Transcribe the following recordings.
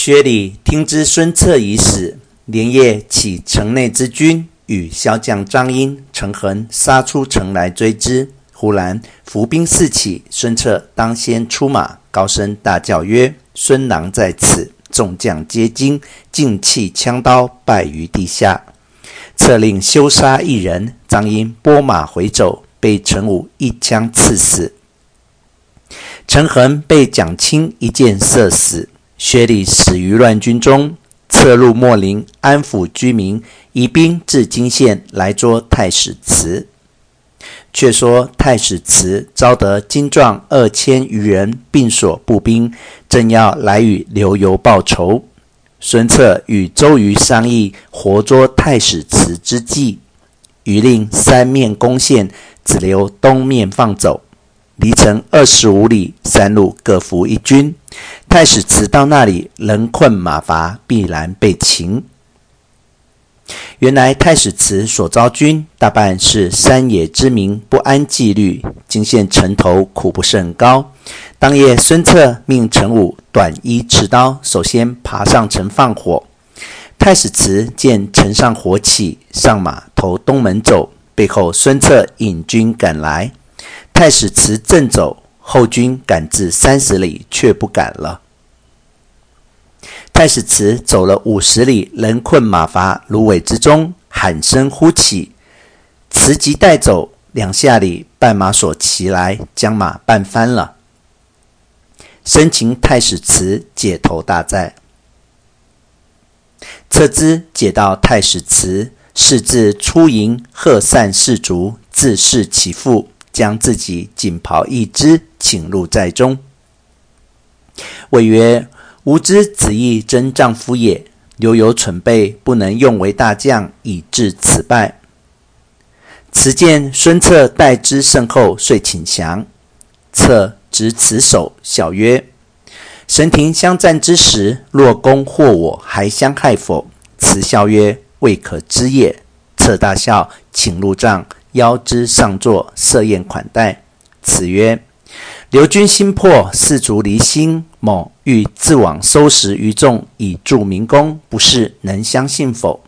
薛禮聽知孫策已死，連夜起城內之軍，與驍將張英、陳恆殺出城來追之。忽然伏兵四起，孫策當先出馬，高聲大叫曰：“孫郎在此！”眾將皆驚，盡棄槍刀，敗於地下。策令休殺一人。張英撥馬回走，被陳武一槍刺死。陳恆被蔣欽一箭射死。薛禮死於亂軍中，策入秣陵安撫居民，移兵至涇縣來捉太史慈。卻說太史慈招得精壯二千餘人，並所部兵，正要來與劉繇報仇。孫策與周瑜商議活捉太史慈之計，瑜令三面攻縣，只留東面放走。離城二十五里，三路各伏一軍。太史慈到那裡，人困馬乏，必然被擒。原來太史慈所招軍，大半是山野之民，不諳紀律，涇縣城頭，苦不甚高。當夜，孫策命陳武短衣持刀，首先爬上城放火。太史慈見城上火起，上馬投東門走，背後孫策引軍趕來。太史慈正走，後軍趕至三十里，卻不趕了。太史慈走了五十里，人困馬乏，蘆葦之中喊聲呼起，慈急帶走兩下裡絆馬索齊來，將馬絆翻了，生擒太史慈，解投大寨。策之解到太史慈，是自出營喝散士卒，自視其父。」將自己錦袍一枝，請入寨中。謂曰：“吾知子義真丈夫也，猶有蠢輩，不能用為大將，以致此敗。此見孫策待之甚厚，遂請降。策執此手，笑曰：‘神亭相戰之時，若攻獲我，還相害否？’此笑曰：‘未可知也。’策大笑，請入帳。”邀之上座，設宴款待，慈曰：“劉君新破，士卒離心。某欲自往收拾餘眾，以助明公，不識能相信否？”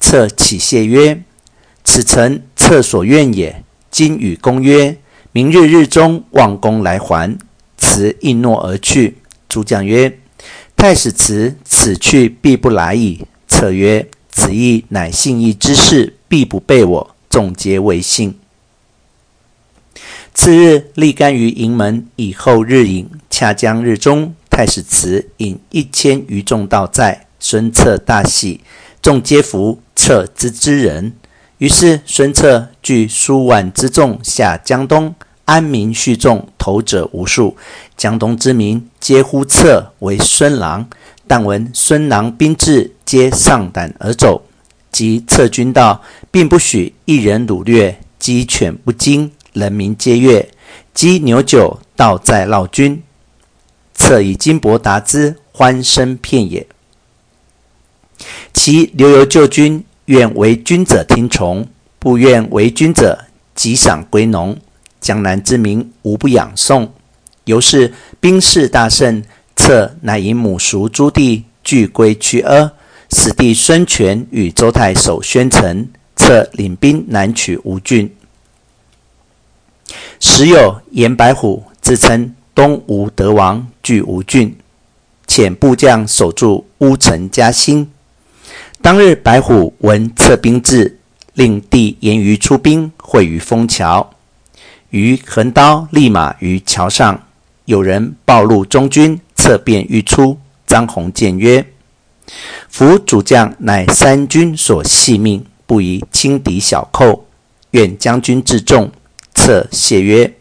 策起謝曰：“此誠策所願也。”今與公約：“明日日中，望公來還。”慈應諾而去。諸將曰：“太史慈此去必不來矣。”策曰：“子義乃信義之士，必不背我。”眾皆為信。次日，立竿於營門，以後日影。恰將日中，太史慈引一千餘眾到寨，孫策大喜，眾皆服策之之人。於是，孫策據數萬之眾下江東，安民續眾，投者無數。江東之民皆呼策為孫郎，但聞孫郎兵至，皆喪膽而走。即策軍道，並不許一人擄掠，雞犬不驚，人民皆悅。雞牛酒，道寨勞軍。策以金帛答之，歡聲遍野。其劉繇舊軍，願為君者聽從；不願為君者，即賞歸農。江南之民，無不仰頌。由是兵勢大盛。策乃以母叔諸弟俱歸曲阿。此地，死孫權與周泰守宣城，策領兵南取吳郡。時有嚴白虎自稱東吳德王，據吳郡，遣部將守住烏程、嘉興。當日，白虎聞策兵至，令弟嚴輿出兵，會於楓橋。輿橫刀立馬於橋上，有人暴露中軍，策便欲出。張紘諫曰。夫主將乃三軍所繫命，不宜輕敵小寇。願將軍自重。策謝曰：“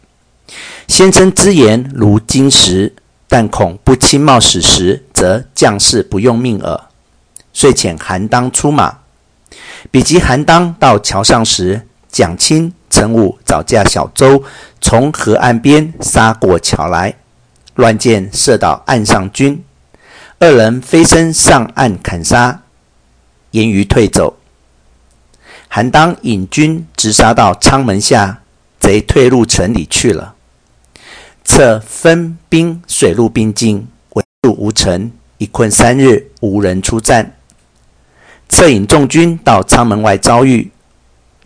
先生之言如金石，但恐不親冒矢石，則將士不用命耳。”遂遣韓當出馬。比及韓當到橋上時，蔣欽、陳武早駕小舟從河岸邊殺過橋來，亂箭射倒岸上軍。二人飛身上岸砍殺，嚴輿退走。韓當引軍直殺到倉門下，賊退入城裡去了。策分兵水陸並進，圍住吳城，一困三日，無人出戰。策引眾軍到倉門外遭遇，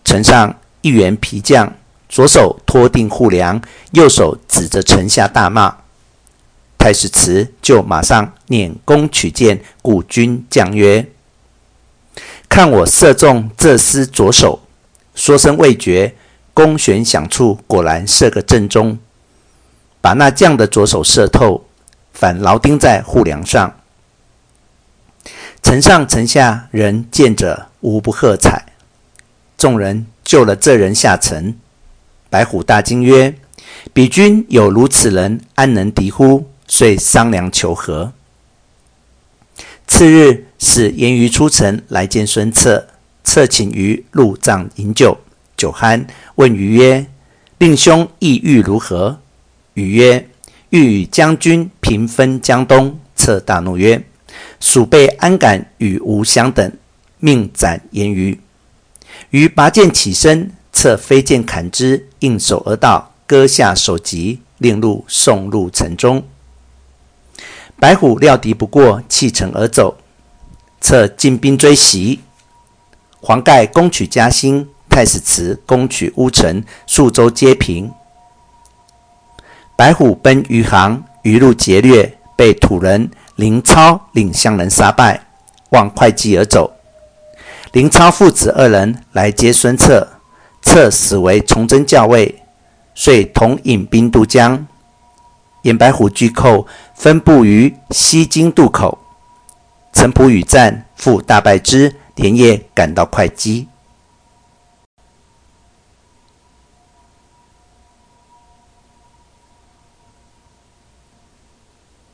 城上一員裨將，左手托定護梁，右手指着城下大罵。太史慈就馬上，拈弓取箭，古軍將曰：“看我射中這廝左手。”說聲未絕，弓弦響處，果然射個正中，把那將的左手射透，反牢釘在護梁上。城上城下人見者無不喝彩。眾人救了這人下城，白虎大驚曰：“彼軍有如此人，安能敵乎？”遂商量求和。次日，使嚴輿出城來見孫策，策請輿入帳飲酒，酒酣，問輿曰：“令兄意欲如何？”輿曰：“欲與將軍平分江東。”策大怒曰：“鼠輩安敢與吾相等！”命斬嚴輿。輿拔劍起身，策飛劍砍之，應手而倒，割下首級，令人送入城中。白虎料敵不過，棄城而走。策進兵追襲，黃蓋攻取嘉興，太史慈攻取烏程，數州皆平。白虎奔餘杭，一路劫掠，被土人凌操領鄉人殺敗，望會稽而走。凌操父子二人來接孫策，策使為從征校尉，遂同引兵渡江。嚴白虎巨寇，分布於西京渡口。陳普與贊復大敗之，連夜趕到會稽。